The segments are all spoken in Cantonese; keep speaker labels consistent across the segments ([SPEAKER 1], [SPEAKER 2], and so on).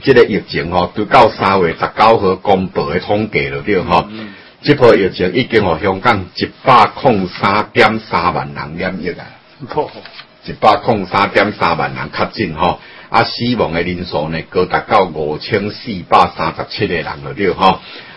[SPEAKER 1] 即、這個疫情吼、哦，都到三月十九號公布嘅統計咯、哦，對、嗯、吼，呢、嗯、波疫情已經人人哦，香港一百零三點三萬人染疫啊，一百零三點三萬人確診，吼，啊死亡嘅人數呢，高達到五千四百三十七嘅人咯、哦，對吼。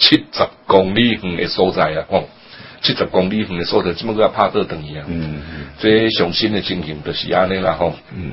[SPEAKER 2] 七十公里遠嘅所在啊，嗬，七十公里遠嘅所在，即樣佢要拍倒等佢啊，嗯
[SPEAKER 1] 嗯，
[SPEAKER 2] 所以最上新嘅情形就是咁樣啦，哦、嗯。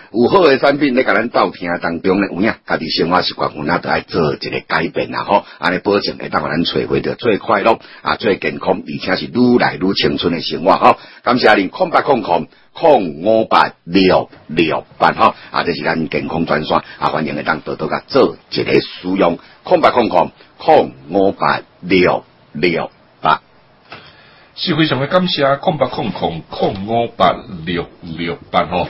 [SPEAKER 1] 有好嘅產品，咧，甲咱鬥聽當中咧有影，家己生活習慣有影，得愛做一個改變啊！吼，安尼保證會當互咱找回着最快樂啊，最健康，而且是愈來愈青春嘅生活吼，感謝您，空八空空空五八六六八吼，啊，就是咱健康專線啊，歡迎個當多多甲做一個使用，空八空空空五八六六八，
[SPEAKER 2] 是非常嘅感謝，啊。空八空空空五八六六八吼。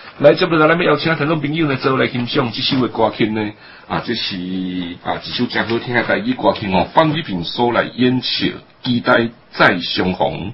[SPEAKER 2] 嚟來，啊！嗰邀有請啲朋友呢，找我嚟欣賞這首歌曲呢。啊，即是啊，至首真好聽的台語歌曲哦，放呢片數嚟演唱，期待再相逢。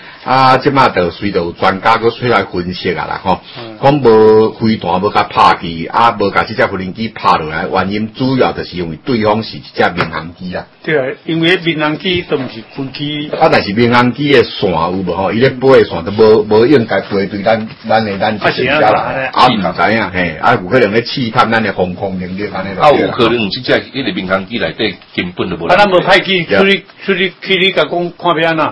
[SPEAKER 1] 啊，即馬就隨着有專家閣出來分析啦啊啦吼，講無飛彈無甲拍擊啊無甲即隻無人機拍落來，原因主要就是因為對方是一隻民航機啊。對啊，
[SPEAKER 3] 因為民航機都唔是飛機。啊，但是
[SPEAKER 1] 民航機的線有無吼？伊咧飛的線都無無應該飛對咱咱個咱。機。啊是啊，啊唔知影嘿，啊有、啊啊啊啊、可能咧試探咱嘅防空能力，安尼啦。啊，有可
[SPEAKER 2] 能唔只只係一個民航機內底根本都無、啊。啊，咱無派去出去出去去，你，甲講看欲安怎。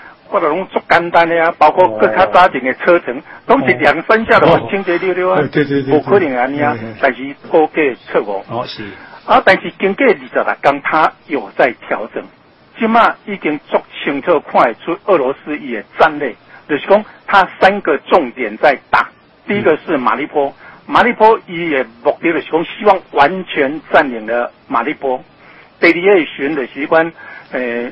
[SPEAKER 4] 我哋攏足簡單嘅啊，包括各它揸定嘅車程，攏是兩三下咯，清潔溜溜啊、哦哦，對對對，對，對，冇可能安尼啊。但是都過去哦，是。啊，但是經過二十六天，它有在調整。即嘛已經足清楚，看得出俄羅斯伊嘅戰略，就是講，它三個重點在打。嗯、第一個是馬里波，馬里波伊嘅目標，就是講，希望完全佔領了馬里波。第二，伊選的習慣誒。呃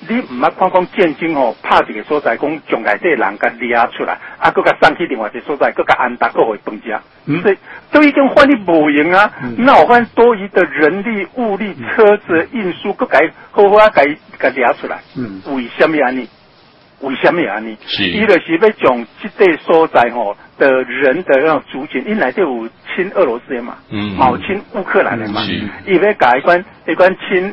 [SPEAKER 4] 你唔要講講戰爭哦，拍一個所在，講從內底人家掠出來，啊，佮佮送去另外一個所在，佮佮安達佫會搬家。嗯。所以都已經換的冇用啊。嗯。那我講多餘的人力、物力、車子運輸，佮佮好好啊，佮佮掠出來。嗯。為什麼啊你？為什麼啊你？是。伊就是要從即個所在哦的人的那種族群，因內底有親俄羅斯的嘛，嗯，冇親烏克蘭的嘛，嗯、是。因為改關，改關親。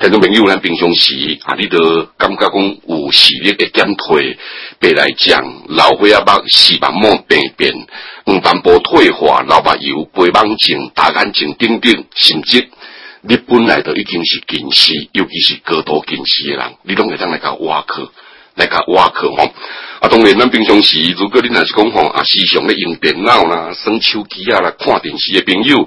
[SPEAKER 2] 聽眾朋友咧，平常時啊，呢度感覺講有視力嘅減退，白內障、老花眼、視物模糊、變變、唔淡退化、老白油、白網症、大眼睛、等等。甚至你本來都已經是近視，尤其是高度近視嘅人，你都係當來搞眼科、嚟搞眼科，哦！啊，當然，咱平常時，如果你係講啊，時常咧用電腦啦、玩手機啊、看電視的朋友。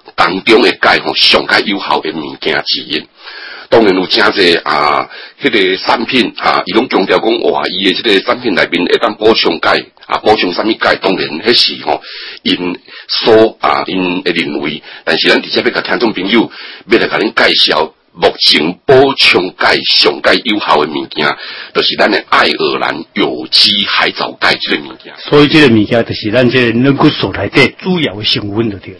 [SPEAKER 2] 當中嘅鈣吼，上加有效嘅物件之一，當然有真多啊，迄、那個產品啊，伊攏強調講哇，伊嘅這個產品內面會當補充鈣啊，補充啥物鈣？當然迄時吼因疏啊因嘅認為，但是咱直接要甲聽眾朋友要來甲恁介紹目前補充鈣上加有效嘅物件，就是咱嘅愛爾蘭有機海藻鈣之、這個物件。
[SPEAKER 3] 所以，這個物件就是咱這軟骨素裏底主要成分就對了。